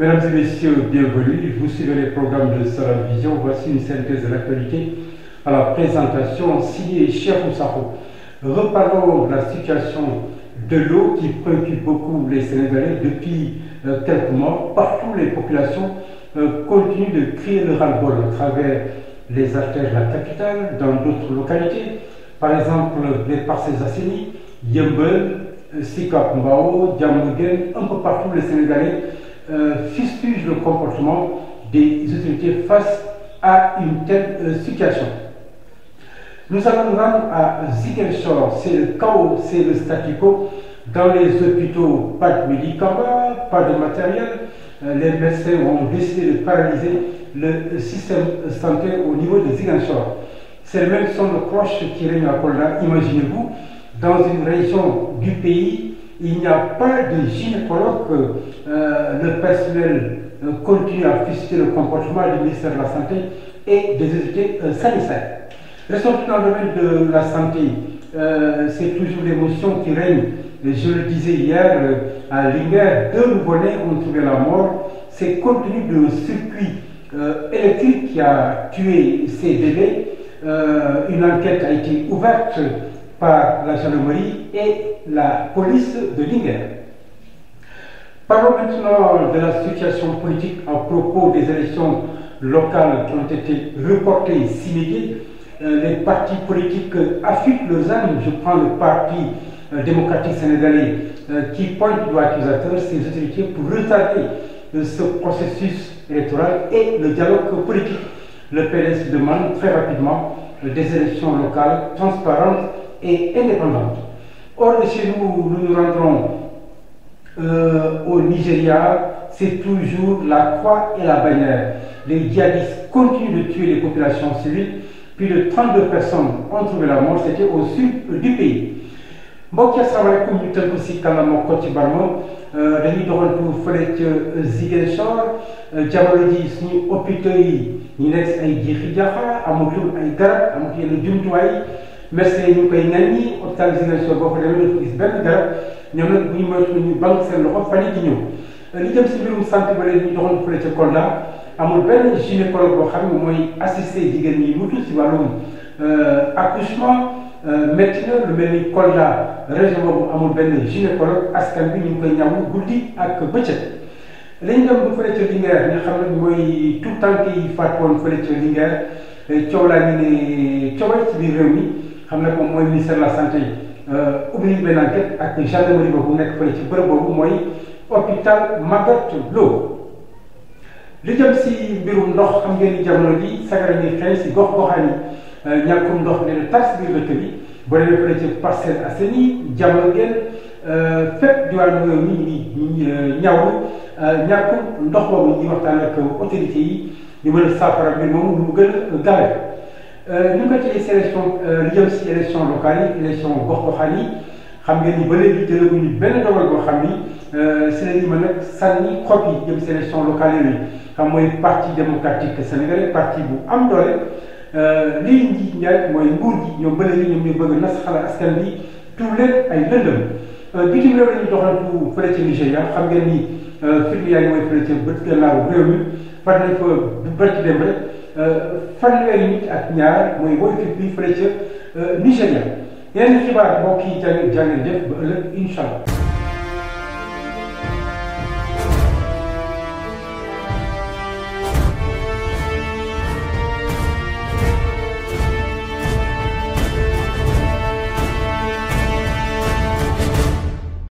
Mesdames et messieurs, bienvenue. Vous suivez les programmes de Salam Vision. Voici une synthèse de l'actualité à la présentation signée Cheikh Oussafo. Reparlons la situation de l'eau qui préoccupe beaucoup les Sénégalais depuis euh, quelques mois. Partout, les populations euh, continuent de crier le ras le à travers les artères de la capitale, dans d'autres localités. Par exemple, les parcelles Asseni, Yembel, Sikap Mbao, Diamogen, un peu partout les Sénégalais fustige euh, le comportement des autorités face à une telle euh, situation. Nous allons rendre à Ziguinchor, c'est le chaos, c'est le statu quo. Dans les hôpitaux, pas de médicaments, pas de matériel. Euh, les médecins ont décidé de paralyser le système sanitaire au niveau de Ziguinchor. C'est le même son de cloche qui règne à Kolda, imaginez-vous, dans une région du pays il n'y a pas de gynécologue, euh, le personnel euh, continue à fister le comportement du ministère de la Santé et des autorités euh, sanitaires. Restons le domaine de la santé, euh, c'est toujours l'émotion qui règne. Je le disais hier, euh, à Linguerre, deux nouveau-nés ont trouvé la mort. C'est compte tenu circuit électrique qui a tué ces bébés. une enquête a été ouverte par la gendarmerie et la police de Linguère. Parlons maintenant de la situation politique à propos des élections locales qui ont été reportées s'inédites. Euh, les partis politiques affichent leurs âmes. Je prends le parti euh, démocratique sénégalais euh, qui pointe doigt accusateur ses autorités pour retarder ce processus électoral et le dialogue politique. Le PLS demande très rapidement des élections locales transparentes et indépendante. Or, de chez nous, nous nous rendrons euh, au Nigeria, c'est toujours la croix et la bannière. Les djihadistes continuent de tuer les populations civiles. Plus de 32 personnes ont trouvé la mort, c'était au sud euh, du pays. mbokk yi asalaamaaleykum ñu tënk si kàllaama Kocc Barma euh, dañuy doxantu fële ca Ziguinchor jamono ji suñu hôpitaux yi ñu nekk ay jiixi jaaxa amatul ay garab amatul jumtuwaay. médecin yi ñu ngi koy nen so hôpital Ziguinchor boo fa demee dafa gis benn garab ñoom nag bu ñu moytuwul ñu banque seen loxo fan yi di ñëw euh, si mbirum santé ba léegi ñu doxal fële ca Kolda amul benn gynécologue boo xam ne mooy assister jigéen ñi lu tudd si wàllum euh, accouchement euh, métti na lu mel ni Kolda région boobu amul benn gynécologue askan bi ñu ko koy ñamu guddi ak bëccëg. lañ dem ba fële ca Linguère nga xam ne mooy tout tànk yi fàttewoon fële ca Linguère coow laa ñu ne coowal ci biir réew mi. xam ne moom mooy ministère de la santé euh, ubbi benn enquête ak gendarmerie boobu nekk fële ci bërëb boobu mooy hôpital Magatte Lô li jëm si mbirum ndox xam ngeen ni jamono ji sagara ñuy xëy si gox goxaan yi euh, ñàkkum ndox ne na tas biir dëkk bi boo demee fële ci Parcelles Assainies jamono ngeen euh, fépp diwaan yooyu ñu ngi ñaw ñàkkum ndox boobu ñuy waxtaan ak autorités yi ñu mën a saafara mbir moomu lu mu gën a Euh, ñu ngi ko ci sélection euh, li jëm si élection locale yi élection gox xam nga ni ba léegi jëlaguñu benn dogal boo xam ni euh, si la ñu mën a sànni xob yi jëm si élection locale yooyu xam mooy parti démocratique sénégalais parti bu am doole lii njiit mooy nguur gi ñoom ba léegi ñoom ñu bëgg nas xala askan bi tout leen ay lëndëm bitim réew la ñu doxantu fële ci Nigéria xam ngeen ni firnde yaa ngi mooy fële bët gànnaaru far nañ fa bët dem Euh, fanweeri nit ak ñaar mooy woytu bi fële ca euh, Nigéria xibaar mbokk yi jàng jàng ba ëllëg incha allah